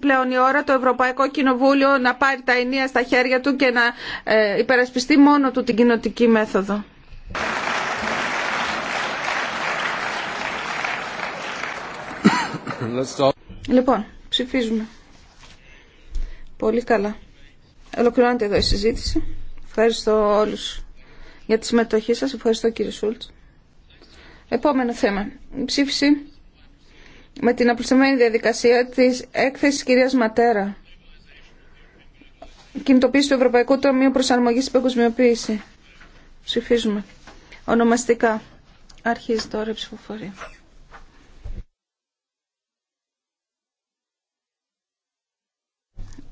πλέον η ώρα το Ευρωπαϊκό Κοινοβούλιο να πάρει τα ενία στα χέρια του και να ε, υπερασπιστεί μόνο του την κοινοτική μέθοδο. Λοιπόν, ψηφίζουμε. Πολύ καλά. Ολοκληρώνεται εδώ η συζήτηση. Ευχαριστώ όλους για τη συμμετοχή σας. Ευχαριστώ κύριε Σούλτ. Επόμενο θέμα. ψήφιση με την απλουστευμένη διαδικασία της έκθεσης κυρίας Ματέρα. Κινητοποίηση του Ευρωπαϊκού Τομείου Προσαρμογής στην Παγκοσμιοποίηση. Ψηφίζουμε. Ονομαστικά. Αρχίζει τώρα η ψηφοφορία.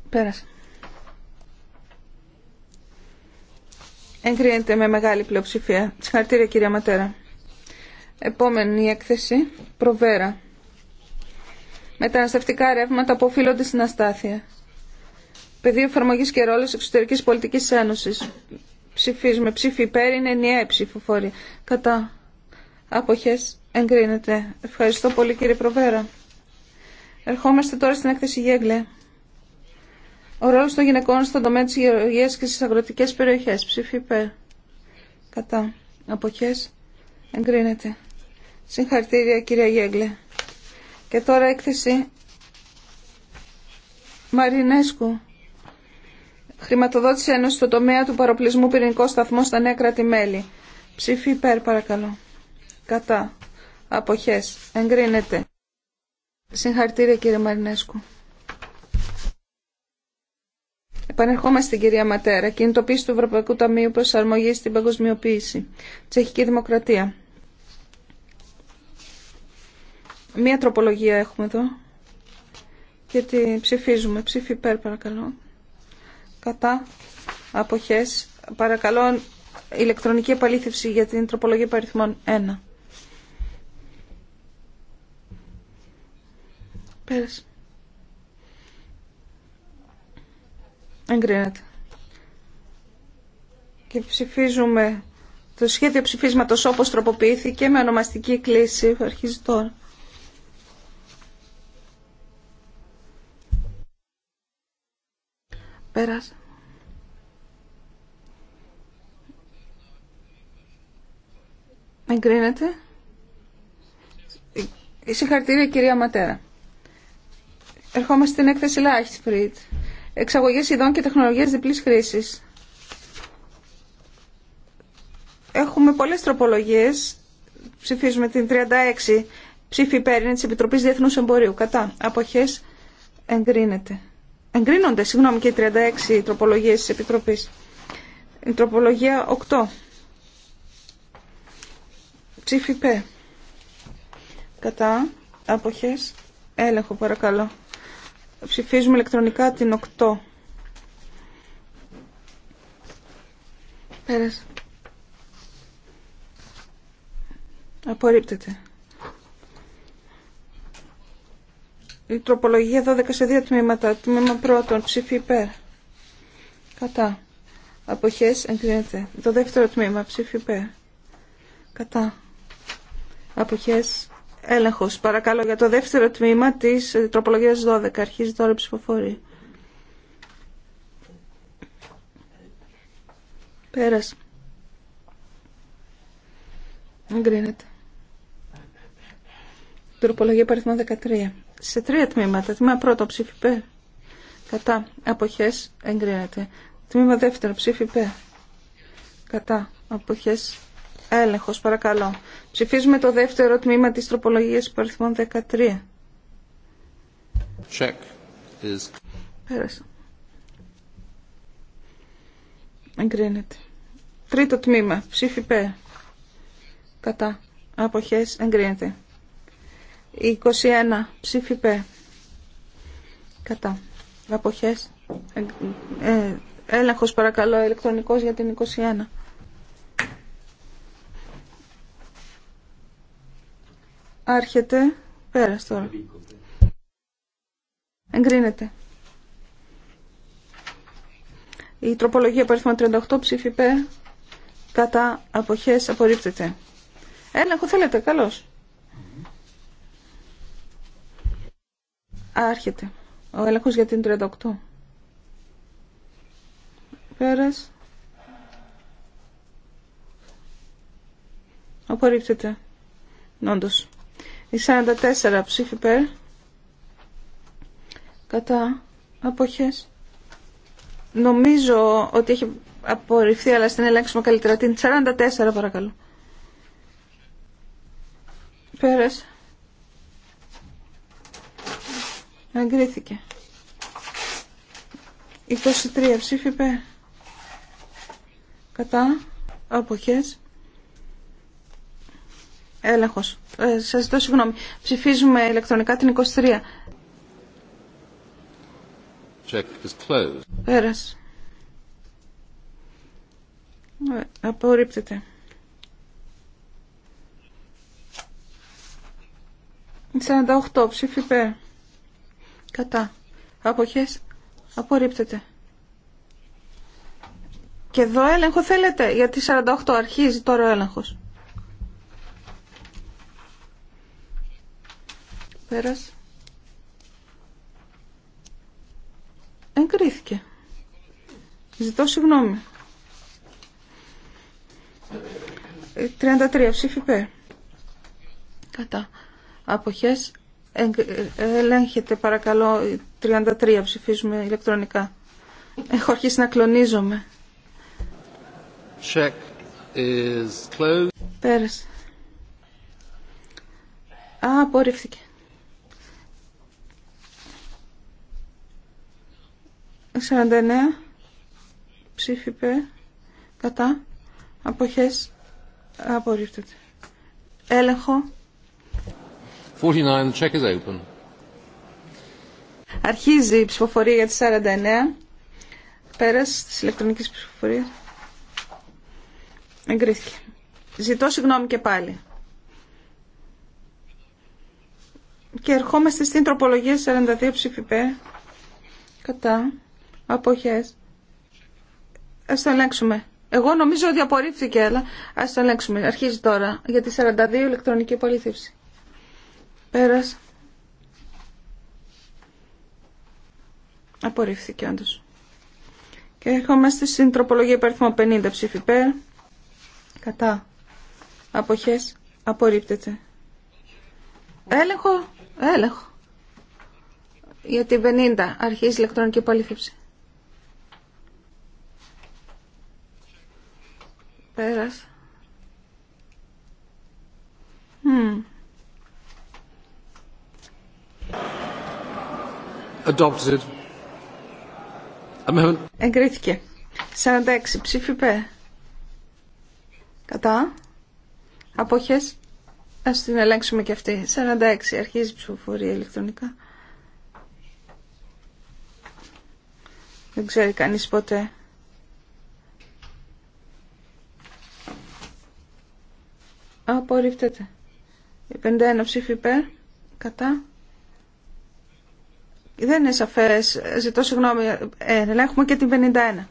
Πέρασε. Εγκρίνεται με μεγάλη πλειοψηφία. Συγχαρητήρια κυρία Ματέρα. Επόμενη έκθεση. Προβέρα μεταναστευτικά ρεύματα που οφείλονται στην αστάθεια. Πεδίο εφαρμογή και ρόλο εξωτερική πολιτική ένωση. Ψηφίζουμε. Ψήφι υπέρ είναι ενιαία η ψηφοφόρη. Κατά. Αποχέ εγκρίνεται. Ευχαριστώ πολύ κύριε Προβέρα. Ερχόμαστε τώρα στην έκθεση Γέγκλε. Ο ρόλο των γυναικών στον τομέα τη γεωργία και στι αγροτικέ περιοχέ. Ψήφι υπέρ. Κατά. Αποχέ εγκρίνεται. Συγχαρητήρια κυρία Γέγκλε. Και τώρα έκθεση Μαρινέσκου. Χρηματοδότηση ένωση στο τομέα του παροπλισμού πυρηνικό σταθμό στα νέα κράτη-μέλη. Ψήφι υπέρ παρακαλώ. Κατά. Αποχές. Εγκρίνεται. Συγχαρητήρια κύριε Μαρινέσκου. Επανερχόμαστε στην κυρία Ματέρα. Κινητοποίηση του Ευρωπαϊκού Ταμείου προσαρμογή στην Παγκοσμιοποίηση. Τσεχική Δημοκρατία. Μία τροπολογία έχουμε εδώ. Γιατί ψηφίζουμε. Ψήφι υπέρ παρακαλώ. Κατά. Αποχές. Παρακαλώ ηλεκτρονική επαλήθευση για την τροπολογία παριθμών 1. Πέρασε. Εγκρίνεται. Και ψηφίζουμε το σχέδιο ψηφίσματος όπως τροποποιήθηκε με ονομαστική κλίση. Αρχίζει τώρα. Πέρας. Εγκρίνεται. Συγχαρητήρια κυρία Ματέρα. Ερχόμαστε στην έκθεση Λάχισπριτ. Εξαγωγές ειδών και τεχνολογίες διπλής χρήσης. Έχουμε πολλές τροπολογίες. Ψηφίζουμε την 36 ψήφι υπέρ είναι της Επιτροπής Διεθνούς Εμπορίου. Κατά. Αποχές εγκρίνεται εγκρίνονται, συγγνώμη, και οι 36 τροπολογίες της Επιτροπής. Η τροπολογία 8. Τσίφι Π. Κατά. Αποχές. Έλεγχο παρακαλώ. Ψηφίζουμε ηλεκτρονικά την 8. Πέρασε. Απορρίπτεται. Η τροπολογία 12 σε δύο τμήματα. Τμήμα πρώτον, ψήφι υπέρ. Κατά. Αποχές εγκρίνεται. Το δεύτερο τμήμα, ψήφι υπέρ. Κατά. Αποχές έλεγχος. Παρακαλώ για το δεύτερο τμήμα της τροπολογίας 12. Αρχίζει τώρα η ψηφοφορία. Πέρας. Εγκρίνεται. Τροπολογία παριθμό 13 σε τρία τμήματα. Τμήμα πρώτο ψήφι Π. Κατά. Αποχές εγκρίνεται. Τμήμα δεύτερο ψήφι Π. Κατά. Αποχές έλεγχος παρακαλώ. Ψηφίζουμε το δεύτερο τμήμα της τροπολογίας υπαριθμών 13. Check is... Πέρασα. Εγκρίνεται. Τρίτο τμήμα. Ψήφι Π. Κατά. Αποχές εγκρίνεται. 21 ψηφίπε Κατά. Αποχές. Ε, ε, έλεγχος παρακαλώ ηλεκτρονικός για την 21. Άρχεται. Πέρας τώρα. Εγκρίνεται. Η τροπολογία παριθμό 38 ψήφι Κατά αποχές απορρίπτεται. Έλεγχο θέλετε. Καλώς. Άρχεται. Ο έλεγχος για την 38. Πέρας. Απορρίπτεται. Όντως. Η 44 ψήφι πέρα. Κατά. Αποχές. Νομίζω ότι έχει απορριφθεί, αλλά στην ελέγξουμε καλύτερα. Την 44 παρακαλώ. Πέρας. Εγκρίθηκε. 23 ψήφι Κατά. Αποχές. Έλεγχος. Ε, σας ζητώ συγγνώμη. Ψηφίζουμε ηλεκτρονικά την 23. Check is Πέρας. Ε, απορρίπτεται. 48 ψήφι πέρα κατά αποχές απορρίπτεται. Και εδώ έλεγχο θέλετε, γιατί 48 αρχίζει τώρα ο έλεγχος. Πέρας. Εγκρίθηκε. Ζητώ συγγνώμη. 33 ε, ψήφι πέρα. Κατά. Αποχές Ελέγχεται παρακαλώ 33 ψηφίζουμε ηλεκτρονικά. Έχω αρχίσει να κλονίζομαι. Check is closed. Πέρασε. Α, απορρίφθηκε. Σαραντανέα. ψήφιπε Κατά. Αποχές. απορρίφθηκε Έλεγχο. Αρχίζει η ψηφοφορία για τις 49. Πέρας της ηλεκτρονικής ψηφοφορίας. Εγκρίθηκε. Ζητώ συγγνώμη και πάλι. Και ερχόμαστε στην τροπολογία 42 ψηφιπέ. Κατά. Αποχές. Ας το ελέγξουμε. Εγώ νομίζω ότι απορρίφθηκε, αλλά ας το ελέγξουμε. Αρχίζει τώρα για τη 42 ηλεκτρονική υπολήθευση. Πέρας. Απορρίφθηκε όντως. Και ερχόμαστε στην τροπολογία υπαριθμό 50 ψήφι πέρα Κατά. Αποχές. Απορρίπτεται. Έλεγχο. Έλεγχο. Γιατί 50 αρχίζει ηλεκτρονική παλήθευση. Πέρας. Adopted. Εγκρίθηκε. 46 ψήφι πέ. Κατά. Αποχές. Ας την ελέγξουμε και αυτή. 46. Αρχίζει η ψηφοφορία ηλεκτρονικά. Δεν ξέρει κανείς ποτέ. Απορρίφτεται. 51 ψήφι Κατά. Δεν είναι σαφές. Ζητώ συγγνώμη. Ε, ελέγχουμε και την 51.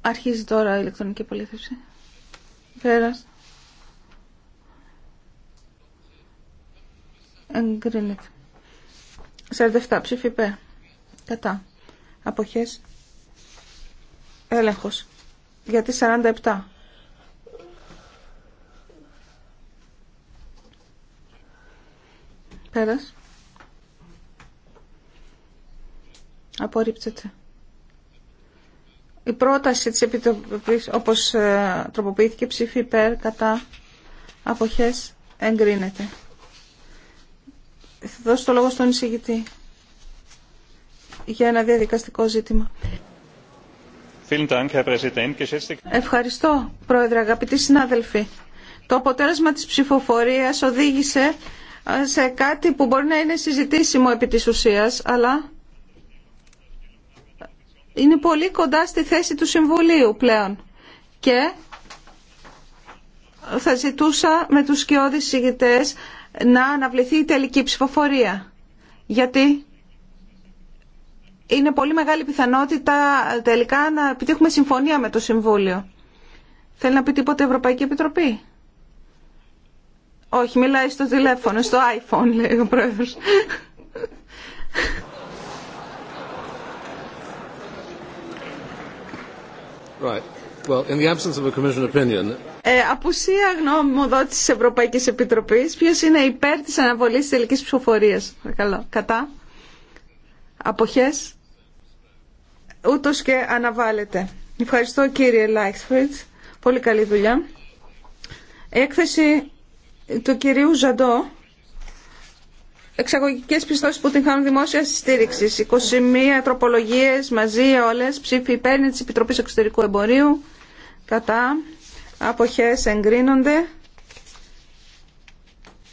Αρχίζει τώρα η ηλεκτρονική πολίθευση. Πέρας. Εγκρίνεται. 47 ψήφι Κατά. Αποχές. Έλεγχος. Γιατί 47. Πέρας. Απορρίπτεται. Η πρόταση της Επιτροπής, όπως ε, τροποποιήθηκε, ψήφι υπέρ, κατά, αποχές, εγκρίνεται. Θα δώσω το λόγο στον εισηγητή για ένα διαδικαστικό ζήτημα. Ευχαριστώ, Πρόεδρε, αγαπητοί συνάδελφοι. Το αποτέλεσμα της ψηφοφορίας οδήγησε σε κάτι που μπορεί να είναι συζητήσιμο επί της ουσίας, αλλά είναι πολύ κοντά στη θέση του Συμβουλίου πλέον. Και θα ζητούσα με τους σκιώδεις συγητές να αναβληθεί η τελική ψηφοφορία. Γιατί είναι πολύ μεγάλη πιθανότητα τελικά να επιτύχουμε συμφωνία με το Συμβούλιο. Θέλει να πει τίποτε Ευρωπαϊκή Επιτροπή. Όχι, μιλάει στο τηλέφωνο, στο iPhone, λέει ο πρόεδρος. Right. Well, in the absence of a commission opinion... ε, απουσία της Ευρωπαϊκή Επιτροπή; Ποιος είναι υπέρ τη αναβολή τη τελικής ψηφοφορία. Παρακαλώ. Κατά. Αποχέ. Ούτως και αναβάλλεται. Ευχαριστώ κύριε Λάιξφριτ. Πολύ καλή δουλειά. Έκθεση του κυρίου Ζαντό εξαγωγικές πιστώσεις που την χάνουν δημόσια στήριξη. 21 τροπολογίες μαζί όλες, ψήφι υπέρ της Επιτροπής Εξωτερικού Εμπορίου, κατά, αποχές εγκρίνονται.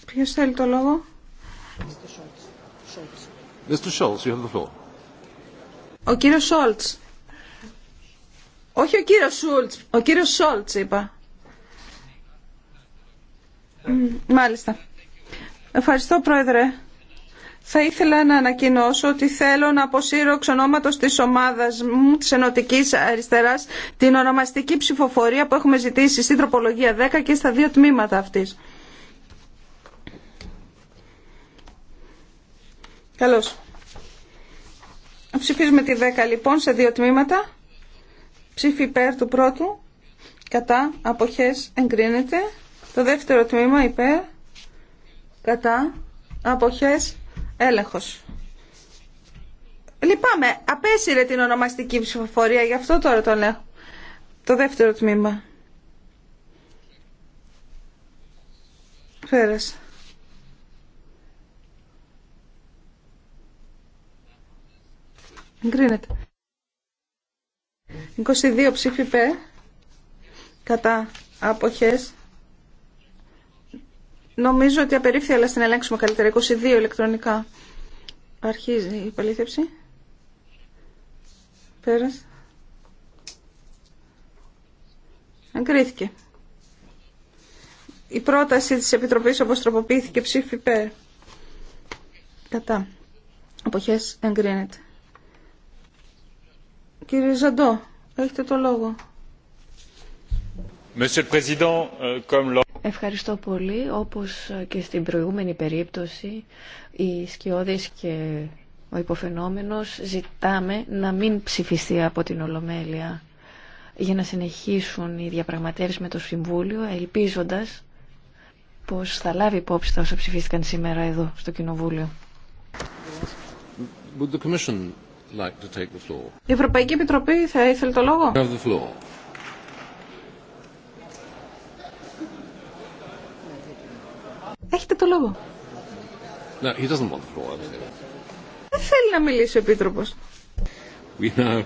Ποιος θέλει το λόγο? Ο κύριος Σόλτς. Όχι ο κύριος Σούλτς, ο κύριος Σόλτς είπα. Μάλιστα. Ευχαριστώ, Πρόεδρε. Θα ήθελα να ανακοινώσω ότι θέλω να αποσύρω εξ ονόματο τη ομάδα μου της ενωτική Αριστεράς την ονομαστική ψηφοφορία που έχουμε ζητήσει στην τροπολογία 10 και στα δύο τμήματα αυτής. Καλώ. Ψηφίζουμε τη 10 λοιπόν σε δύο τμήματα. Ψήφι υπέρ του πρώτου. Κατά αποχές εγκρίνεται. Το δεύτερο τμήμα είπε κατά, αποχές, έλεγχος. Λυπάμαι, απέσυρε την ονομαστική ψηφοφορία, γι' αυτό τώρα το λέω. Το δεύτερο τμήμα. Πέρασε. Εγκρίνεται. 22 ψήφοι πέ, κατά αποχές Νομίζω ότι απερίφθη, αλλά στην ελέγξουμε καλύτερα. 22 ηλεκτρονικά. Αρχίζει η παλήθευση. Πέρασε. Εγκρίθηκε. Η πρόταση της Επιτροπής όπως τροποποιήθηκε ψήφι Κατά. Αποχές εγκρίνεται. Κύριε Ζαντό, έχετε το λόγο. Monsieur le Président, euh, Ευχαριστώ πολύ. Όπως και στην προηγούμενη περίπτωση, οι σκιώδεις και ο υποφαινόμενος ζητάμε να μην ψηφιστεί από την Ολομέλεια για να συνεχίσουν οι διαπραγματεύσεις με το Συμβούλιο, ελπίζοντας πως θα λάβει υπόψη τα όσα ψηφίστηκαν σήμερα εδώ στο Κοινοβούλιο. Η Ευρωπαϊκή Επιτροπή θα ήθελε το λόγο. Έχετε το λόγο. Δεν θέλει να μιλήσει ο Επίτροπος. We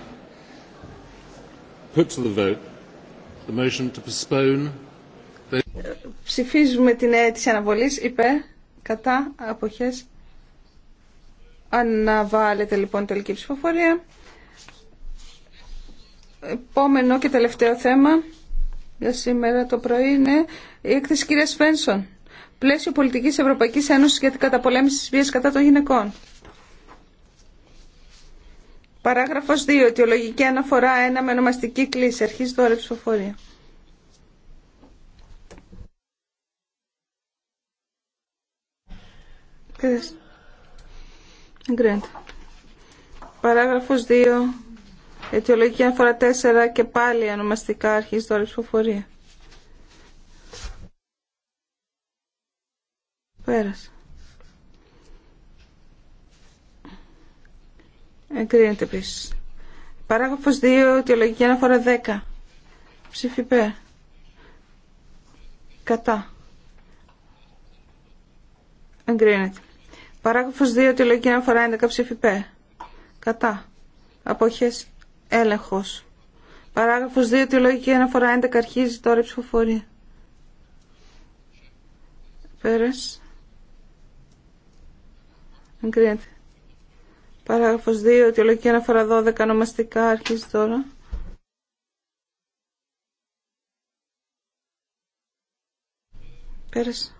Ψηφίζουμε την αίτηση ε, αναβολής Είπε κατά αποχές. Αναβάλλεται λοιπόν η τελική ψηφοφορία. Επόμενο και τελευταίο θέμα για σήμερα το πρωί είναι η έκθεση κυρία Φένσον πλαίσιο πολιτικής Ευρωπαϊκής Ένωσης για την καταπολέμηση της βίας κατά των γυναικών. Παράγραφος 2. Αιτιολογική αναφορά 1 με ονομαστική κλίση. Αρχίζει τώρα η ψηφοφορία. Παράγραφος 2. Αιτιολογική αναφορά 4 και πάλι ονομαστικά αρχίζει τώρα η ψηφοφορία. Πέρασε. Εγκρίνεται επίση. Παράγραφος 2, αιτιολογική αναφορά 10. Ψήφι Κατά. Εγκρίνεται. Παράγραφος 2, αιτιολογική αναφορά 11. Ψήφι Κατά. Αποχές έλεγχος. Παράγραφος 2, αιτιολογική αναφορά 11. Αρχίζει τώρα η ψηφοφορία. Πέρασε. Εγκρίνεται. Παράγραφος 2, λογική αναφορά 12, ονομαστικά αρχίζει τώρα. Πέρασε.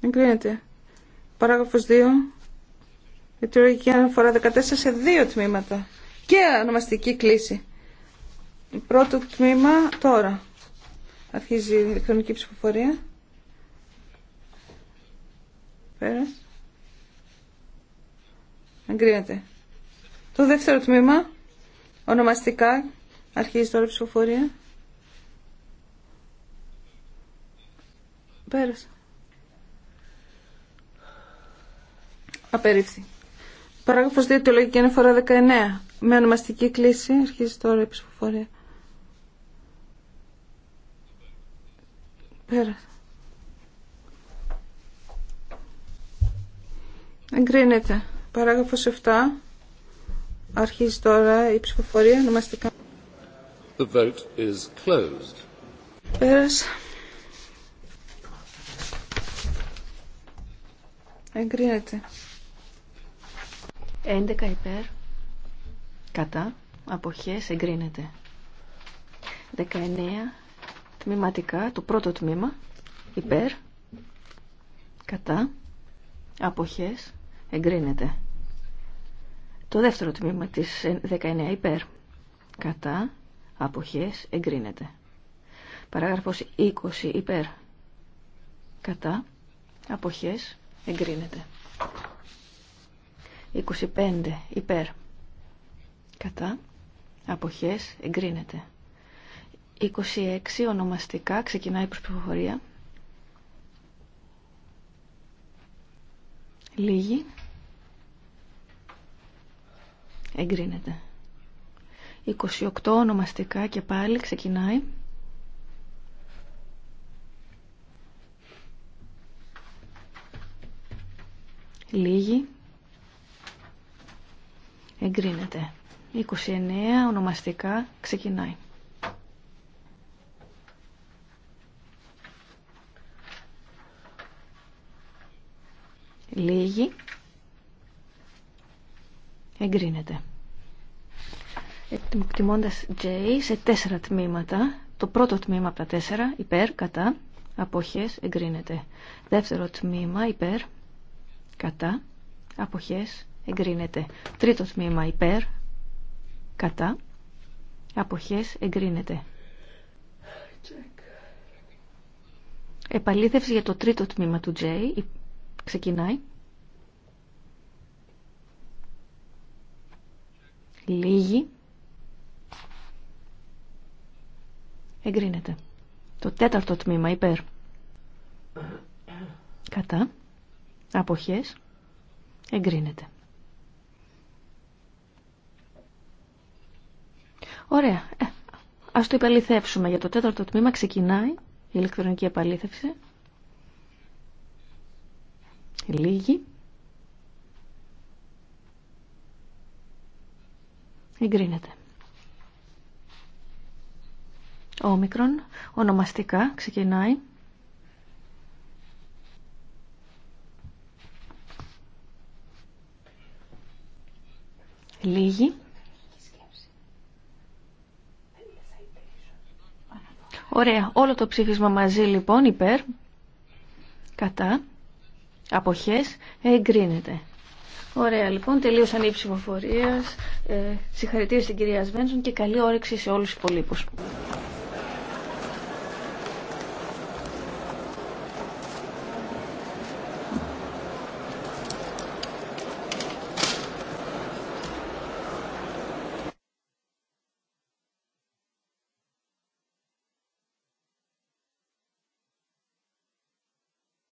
Εγκρίνεται. Παράγραφος 2, αιτιολογική αναφορά 14 σε δύο τμήματα και ονομαστική κλίση. Πρώτο τμήμα τώρα. Αρχίζει η ηλεκτρονική ψηφοφορία. Πέρας. Εγκρίνεται. Το δεύτερο τμήμα, ονομαστικά, αρχίζει τώρα η ψηφοφορία. Πέρασε. Απερίφθη. Παράγραφος 2, τεολογική φορά 19. Με ονομαστική κλίση αρχίζει τώρα η ψηφοφορία. Πέρασε. Εγκρίνεται. Παράγραφος 7. Αρχίζει τώρα η ψηφοφορία ονομαστικά. The vote is closed. Πέρας. Εγκρίνεται. 11 υπέρ. Κατά. Αποχές. Εγκρίνεται. 19 τμήματικά. Το πρώτο τμήμα. Υπέρ. Κατά. Αποχές εγκρίνεται. Το δεύτερο τμήμα της 19 υπέρ κατά αποχές εγκρίνεται. Παράγραφος 20 υπέρ κατά αποχές εγκρίνεται. 25 υπέρ κατά αποχές εγκρίνεται. 26 ονομαστικά ξεκινάει η Λίγη. Εγκρίνεται. 28 ονομαστικά και πάλι ξεκινάει. Λίγη. Εγκρίνεται. 29 ονομαστικά ξεκινάει. Λίγη. Εγκρίνεται. Εκτιμώντας J σε τέσσερα τμήματα. Το πρώτο τμήμα από τα τέσσερα, υπέρ, κατά, αποχές, εγκρίνεται. Δεύτερο τμήμα, υπέρ, κατά, αποχές, εγκρίνεται. Τρίτο τμήμα, υπέρ, κατά, αποχές, εγκρίνεται. Επαλήθευση για το τρίτο τμήμα του J, Ξεκινάει. Λίγη. Εγκρίνεται. Το τέταρτο τμήμα υπέρ. Κατά. Αποχές. Εγκρίνεται. Ωραία. Ε, ας το υπεληθεύσουμε Για το τέταρτο τμήμα ξεκινάει η ηλεκτρονική επαλήθευση. Λίγη. Εγκρίνεται. Όμικρον, ονομαστικά, ξεκινάει. Λίγη. Ωραία. Όλο το ψήφισμα μαζί λοιπόν υπέρ. Κατά. Αποχές εγκρίνεται. Ωραία λοιπόν, τελείωσαν οι ψηφοφορίες. Ε, συγχαρητήρια στην κυρία Σβένσον και καλή όρεξη σε όλους τους υπολείπους.